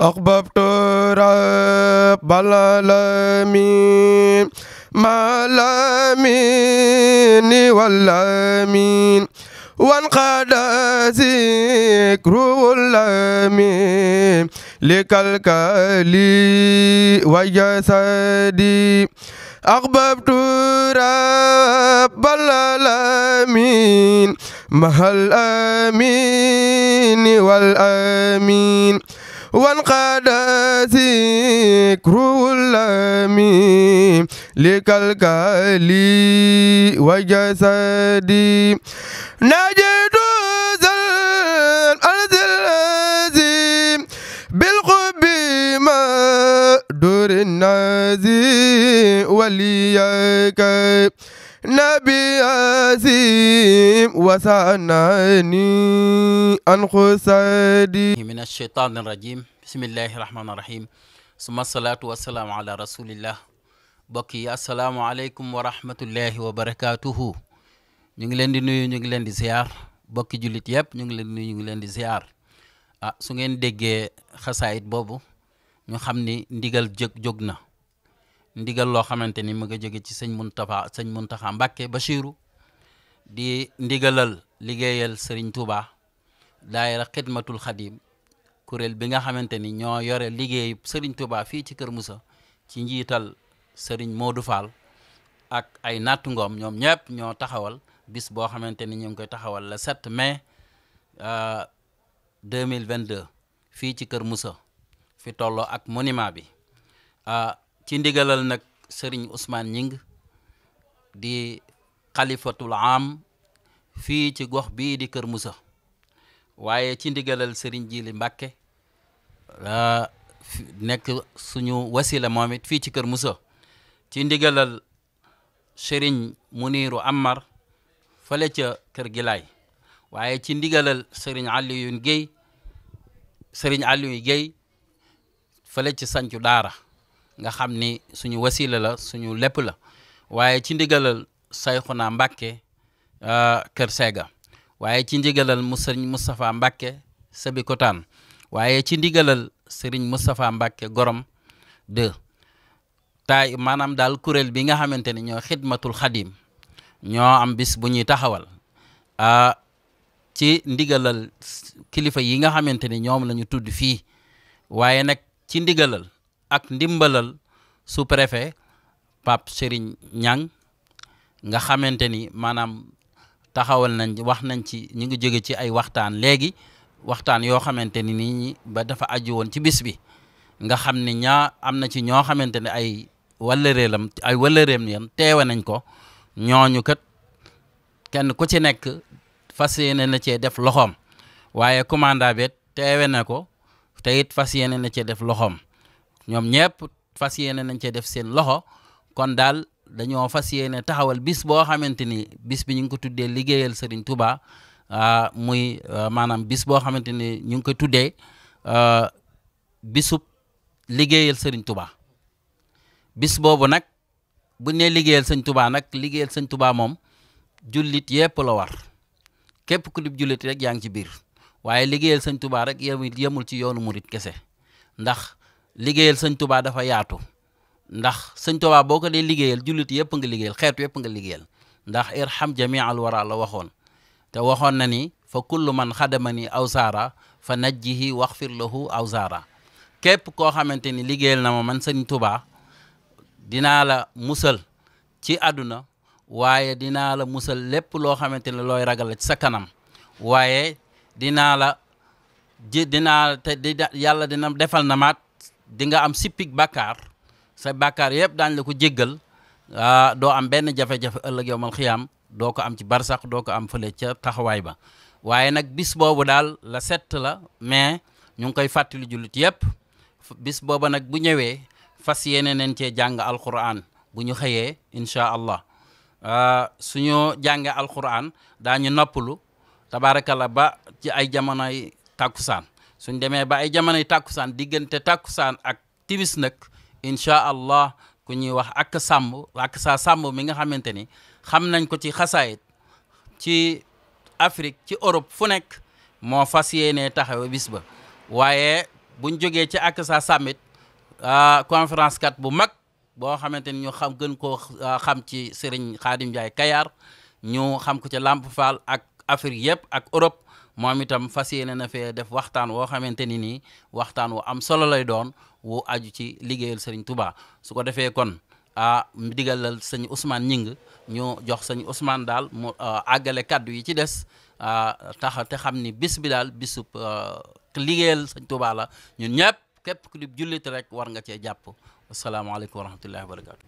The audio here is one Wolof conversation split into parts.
أحببت رب العالمين ما العالمين والعالمين وانقاد ذكر العالمين لك الكالي وجسدي أحببت رب العالمين مع الآمين والآمين وانقاد ذكر الأمين لكالكالي وجسدي نجد الأرض الذي بالقب ما دور النازي وليك نبي عظيم وسناني عن حسدي من الشيطان الرجيم بسم الله الرحمن الرحيم ثم الصلاة والسلام على رسول bokki asalaamaaleykum wa rahmatullahi wa barakaatuhu ñu ngi leen di nuyu ñu ngi leen di ziar bokki jullit yëpp ñu ngi leen di ñu ngi leen di ziar ah su ngeen déggee xasaayit boobu ñu xam ni ndigal jóg jóg na ndigal loo xamante ni mu nga jóge ci sëñ Muntaxa sëñ Muntaxa ba Bachiru di ndigalal liggéeyal Serigne Touba daayira xidmatul xadim kuréel bi nga xamante ni ñoo yore liggéey Serigne Touba fii ci Kër musa ci njiital Serigne Modou ak ay nattu ngoom ñoom ñëpp ñoo taxawal bis boo xamante ni ñu ngi koy taxawal le 7 mai 2022 euh, fii ci Kër Moussa fi tolloo ak monument bi. Euh, ci ndigalal nag sëriñ Ousmane Ñing di xalifatul am fii ci gox bii di Kër musa waaye ci ndigalal sëriñ Jili mbakke nekk suñu wasila moom fii ci Kër Moussa ci ndigalal sëriñ Muniru Amar fale ca Kër Gilaay waaye ci ndigalal sëriñ Alioune Guèye sëriñ Alioune Guèye fale ci sancu daara nga xam ni suñu wasila la suñu lépp la waaye ci ndigalal sayxuna Mbàkke euh, Kër Sega waaye ci ndigalal mu sëriñ mbake Mbàkke waaye ci ndigalal sëriñ Moustapha Mbàkke Gorom 2 taay maanaam daal kuréel bi nga xamante ni ñoo xidmatul xadim ñoo ambis bu ñuy taxawal euh, ci ndigalal kilifa yi nga xamante ni ñoom lañu tudd fii waaye nag ci ndigalal ak ndimbalal sous-préfet Pape Serigne nga xamante ni maanaam taxawal nañ wax nañ ci ñu ngi jóge ci ay waxtaan léegi waxtaan yoo xamante ni nit ñi ba dafa aju woon ci bis bi nga xam ne ñaa am na ci ñoo xamante ne ay wallëreelam ay wallëreem yam teewe nañ ko ñooñu kat kenn ku ci nekk fas yéene na cee def loxoom waaye commanda bet teewe na ko te it fas yéene na cee def loxoom ñoom ñëpp fas yéene nañ cee def seen loxo kon daal dañoo fas yéene taxawal bis boo xamante ni bis bi ñu ngi ko tuddee liggéeyal Serigne Touba ah, muy ah, maanaam bis boo xamante ni ñu ngi ko tuddee ah, bisub liggéeyal Serigne Touba bis boobu nag bu ne liggéeyal sëñ Touba nag liggéeyal sëñ Touba moom jullit yëpp la war képp ku dib jullit rek yaa ngi ci biir waaye liggéeyal sëñ Touba rek yemul ci yoonu murit kese ndax liggéeyal sañ tubaa dafa yaatu ndax sëñ tubaa boo ko dee liggéeyal jullit yëpp nga liggéeyal xeetu yëpp nga liggéeyal ndax irham jamial wara la waxoon te waxoon na ni fa kullu man xadamani aw saara fa najjihi waxfir lahu aw saara képp koo xamante ni liggéeyal na ma man sañ tubaa dinaa la musal ci àdduna waaye dinaa la musal lépp loo xamante ne looy ragal ci sa kanam waaye dinaa la dina defal na maat dinga am sippik bàkkaar sa bàkkaar yëpp daañ la ko jéggal ah, doo am benn jafe-jafe ëllëg yowmal xiyaam doo ko am ci barsax doo ko am fële ca taxawaay ba waaye nag bis boobu daal la set la mais ñu ngi koy fàttali jullit yëpp bis booba nag bu ñëwee fas yéene nañ cee jàng alquran bu ñu xëyee incha allah ah, suñu jàngee alquran daañu noppalu tabaarakallah ba ci ay jamonoy takkusaan suñ demee ba ay jamonoy tàkkusaan diggante tàkkusaan ak timis nag incha allah ku ñuy wax ak sàmm ak saa sàmm mi nga xamante ni xam nañ ko ci xasaayit ci Afrique ci Europe fu nekk moo fas yéenee taxawe bis ba waaye buñ jógee ci ak saa sàmmit conférence kat bu mag boo xamante ni ñu xam gën koo xam ci Serigne Khadim Ndiaye Kayar ñu xam ko ci Lamp Fall ak Afrique yëpp ak Europe moom itam fas yéene na fee def waxtaan woo xamante ni nii waxtaan wu am solo lay doon wu aju ci liggéeyal sëriñ Touba su ko defee kon ah digalal sëñ Ousmane Ñing ñu jox sëñ Ousmane daal mu àggale kàddu yi ci des tax te xam ni bis bi daal bisub liggéeyal sëñ Touba ñun ñëpp képp rek war nga cee jàpp asalaamaaleykum wa rahmatullahi wa barakaatu.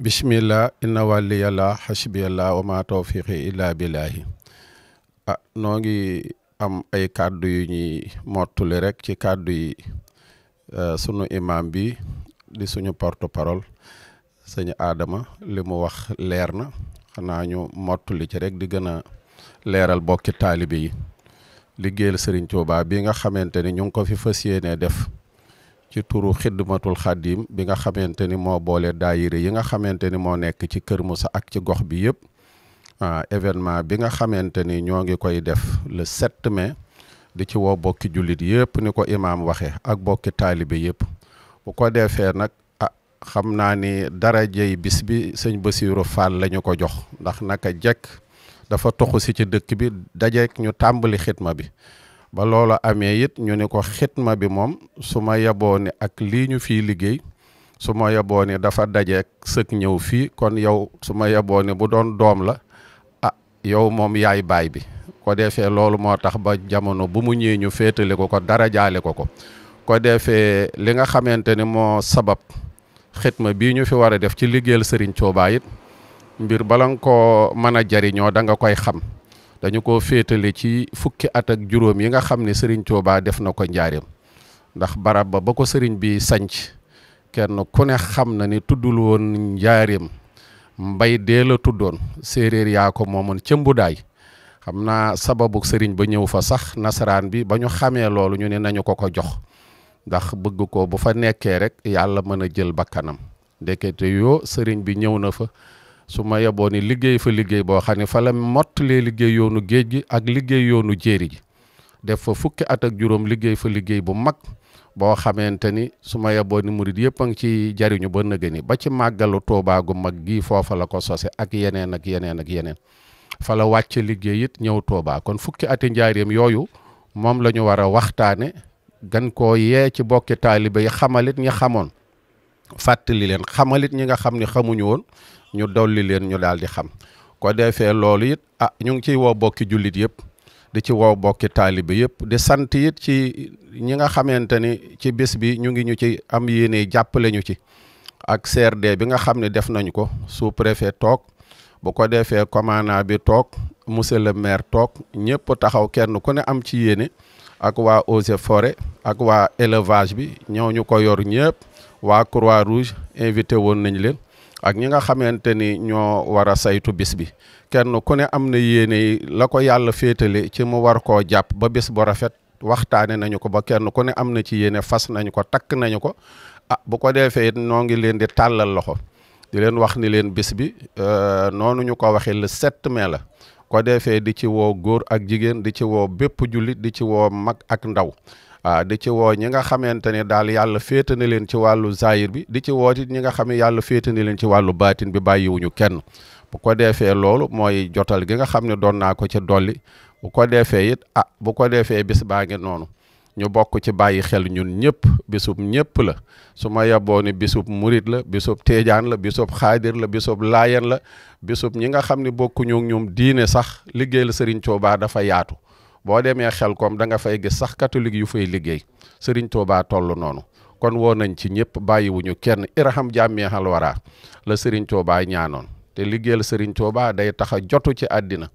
bismillah inna waliyallah hasbiyallah wa ma tawfiqi illa billahi ah noo ngi am ay kàddu yu ñuy mottuli rek ci kàddu yi eh, sunu imam bi di suñu porte parole sëñ Adama li mu wax leer na xanaa ñu mottuli ci rek di gën a leeral bokki taalibe yi liggéeyal sëriñ Tuubaa bi nga xamante ni ñu ngi ko fi fas yéenee def ci turu xidmatul xadim bi nga xamante ni moo boole daayire yi nga xamante ni moo nekk ci Kër Moussa ak ci gox bi yëpp Euh, événement bi nga xamante ni ñoo ngi koy def le 7 mai di ci woo bokki jullit yëpp ni ko imaam waxe ak bokki taalibe yëpp bu ko defee nag ah xam naa ni dara darajey bis bi sëñ Basiiru Fall la ñu ko jox ndax naka jekk dafa toxu si ci dëkk bi dajeek ñu tàmbali xitma bi ba loolu amee it ñu ni ko xitma bi moom su ma yeboo ni ak lii ñu fii liggéey su ma yeboo ni dafa dajeek sëk ñëw fii kon yow su ma yeboo bu doon doom la yow moom yaay baay bi ko defee loolu moo tax ba jamono bu mu ñëwee ñu féetale ko ko dara jaale ko ko ko defee li nga xamante ni moo sabab xitma bi ñu fi war a def ci liggéeyal Serigne Touba it mbir bala nga koo mën a jariñoo da nga koy xam dañu ko féetale ci fukki at juróom yi nga xam ni Serigne Touba def na ko njaareem ndax barab ba ko sëriñ bi sanc kenn ku ne xam na ni tuddul woon njaareem mbay deelatu doon séeréer yaa ko moomoon ca mbudaay xam naa sababu sëriñ ba ñëw fa sax nasaraan bi ba ñu xamee loolu ñu ne nañu ko ko jox ndax bëgg ko bu fa nekkee rek yàlla mën a jël bakkanam ndekete yoo sëriñ bi ñëw na fa su ma yeboon ni liggéey fa liggéey boo xam ne fa la mott lee liggéey yoonu géej gi ak liggéey yoonu jéeri ji def fa fukki at ak juróom liggéey fa liggéey bu mag boo xamante ni su ma yeboo ni murit yëpp a ngi ci jariñu ba nëgë ni ba ci màggalu Tuubaa gu mag gi foofa la ko sose ak yeneen ak yeneen ak yeneen fa la wàcc liggéey it ñëw Tuubaa kon fukki ati njaareem yooyu moom la ñu war a waxtaane gan ko yee ci bokki taalibe yi xamalit ñi xamoon fàttali leen xamalit ñi nga xam ni xamuñu woon ñu dolli leen ñu daal di xam ko defee loolu it ah ñu ngi ciy woo bokki jullit yëpp di ci woo bokki taalibe yëpp di sant it ci ñi nga xamante ni ci bés bi ñu ngi ñu ci am yéene jàppale ñu ci ak CRD bi nga xam ne def nañu ko sous préfet toog bu ko defee commandant bi toog monsieur le maire toog ñëpp taxaw kenn ku ne am ci yéene ak waa eaux et forêt ak waa élevage bi ñëw ñu ko yor ñëpp waa croix rouge invité woon nañ leen ak ñi nga xamante ni ñoo war a saytu bis bi kenn ku ne am na yéene la ko yàlla féetale ci mu war koo jàpp ba bis bu rafet waxtaane nañu ko ba kenn ku ne am na ci yéene fas nañu ko takk nañu ko ah bu ko defee noo ngi leen di tàllal loxo di leen wax ni leen bis bi euh, noonu ñu ko waxee le 7 mai la ko defee di ci woo góor ak jigéen di ci woo bépp jullit di ci woo mag ak ndaw waaw ah, di ci woo ñi nga xamante ne daal yàlla féeta na leen ci wàllu zahir bi di ci wooti ñi nga xam ne yàlla féeta na leen ci wàllu baatin bi bàyyiwuñu kenn bu ko defee loolu mooy jotal gi nga xam ne doon naa ko ci dolli bu ko defee it ah bu ko defee bis baa ngi noonu ñu bokk ci bàyyi xel ñun ñëpp bisub ñëpp la su ma yeboo ne bisub murit la bisub teejaan la bisub xaadir la bisub laayen la bisub ñi nga xam ne bokkuñu ñoom diine sax liggéeyal Serigne Touba dafa yaatu boo demee xel koom da nga fay gis sax catholique yu fay liggéey sëriñ Touba toll noonu kon woo nañ ci ñëpp bàyyiwuñu kenn irham jàmmeexal waraa la sëriñ Touba ñaanoon te liggéeyal sëriñ Touba day taxa jotu ci àddina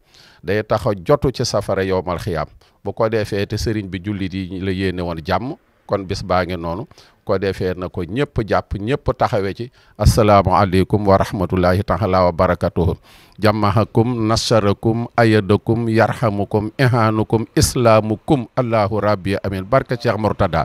day tax jotu ci safara yowmal xiyaam bu ko defee te sëriñ bi jullit yi la yéene woon jàmm kon bis baa ngi noonu ko defee na ko ñëpp jàpp ñëpp taxawee ci asalaamualeykum wa rahmatullahi taala wa barakatuhu jàmmahakum nasarakum ayadakum yarhamukum ihaanukum islaamukum allahu rabbi amin barka murtada